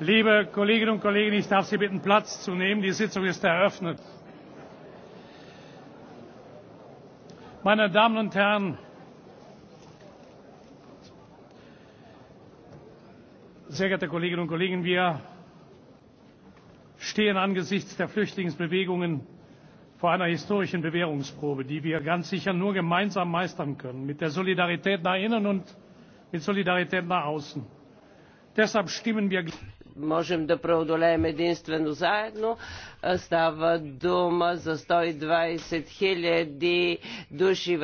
Liebe Kolleginnen und Kollegen, ich darf Sie bitten, Platz zu nehmen. Die Sitzung ist eröffnet. Meine Damen und Herren, sehr geehrte Kolleginnen und Kollegen, wir stehen angesichts der flüchtlingsbewegungen vor einer historischen bewährungsprobe die wir ganz sicher nur gemeinsam meistern können mit der solidarität nach innen und mit solidarität nach außen. deshalb stimmen wir можем да преодолеем единствено заедно. Става дума за 120 хиляди души в